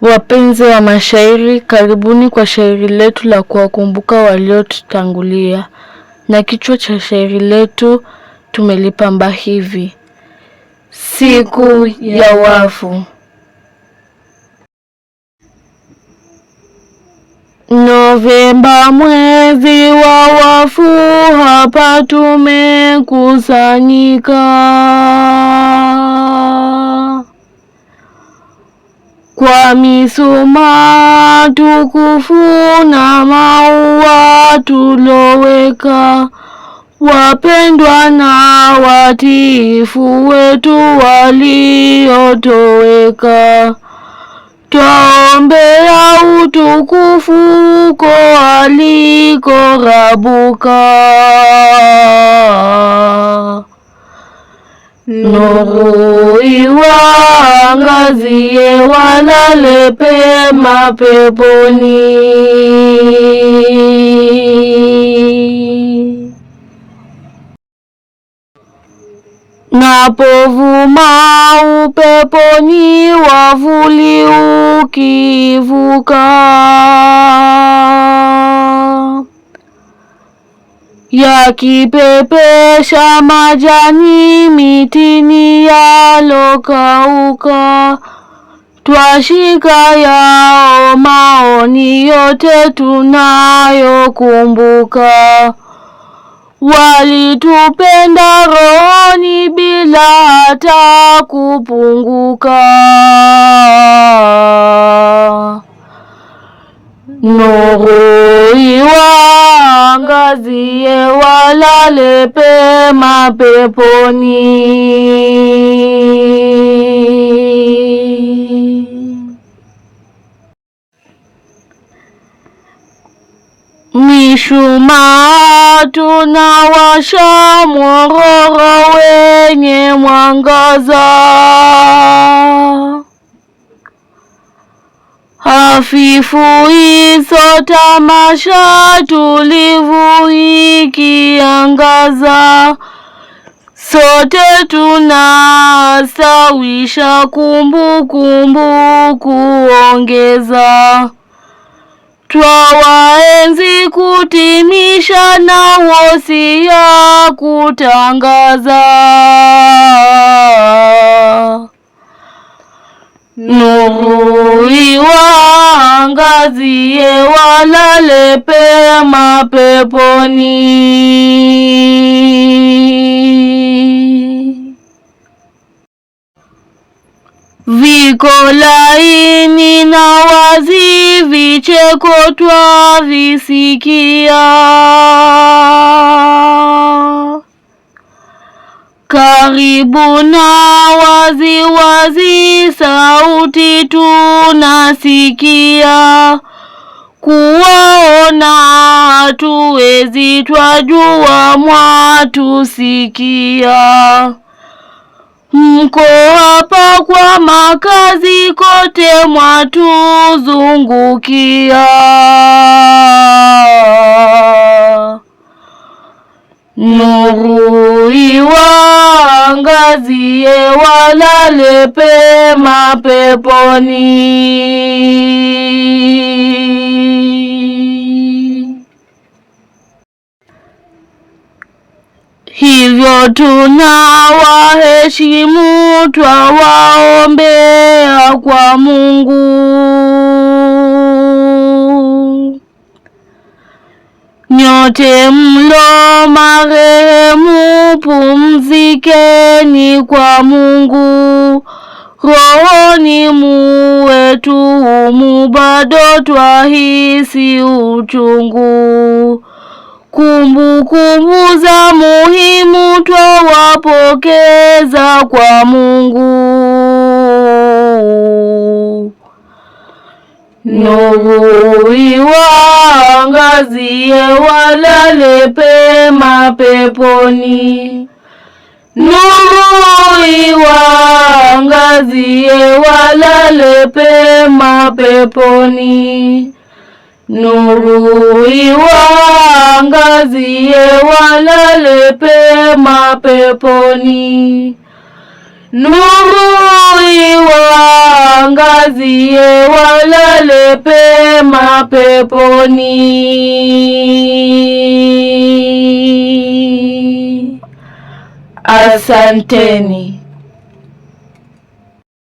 Wapenzi wa mashairi, karibuni kwa shairi letu la kuwakumbuka waliotutangulia, na kichwa cha shairi letu tumelipamba hivi: siku ya wafu. Novemba, mwezi wa wafu, hapa tumekusanyika kwa misuma tukufu na maua tuloweka. Wapendwa na watiifu wetu waliotoweka, twaombea utukufu uko alikorabuka. Nuhui wa angazi ye wana lepe mapeponi. Napovuma upeponi wavuli ukivuka. yakipepesha majani mitini yalokauka. Twashika yao maoni yote tunayokumbuka. Walitupenda rohoni bila hata kupunguka. Nuru iwa wajilazie walale pema peponi. Mishumaa tunawasha, mwororo wenye mwangaza Hafifu hizo tamasha tulivu ikiangaza, sote tunasawisha kumbukumbu kuongeza, twawaenzi kutimisha na wosia kutangaza Nuru iwaangazie walale pema peponi. Viko laini na wazi, vicheko twavisikia Karibu na wazi wazi, sauti tunasikia. Kuwaona hatuwezi, twajua mwatusikia. Mko hapa kwa makazi, kote mwatuzungukia. Nuru wazie walale pema peponi. Hivyo tunawaheshimu, twawaombea kwa Mungu. Nyote mlo marehemu, pumzikeni kwa Mungu rohoni muwe tu humu, bado twahisi uchungu. Kumbukumbu za muhimu twawapokeza kwa Mungu asubuhi waangazie, walale pema peponi. Nuru iwaangazie, walale pema peponi. Nuru iwaangazie, walale pema peponi. Nuru iwaangazie walale pema peponi. Asanteni.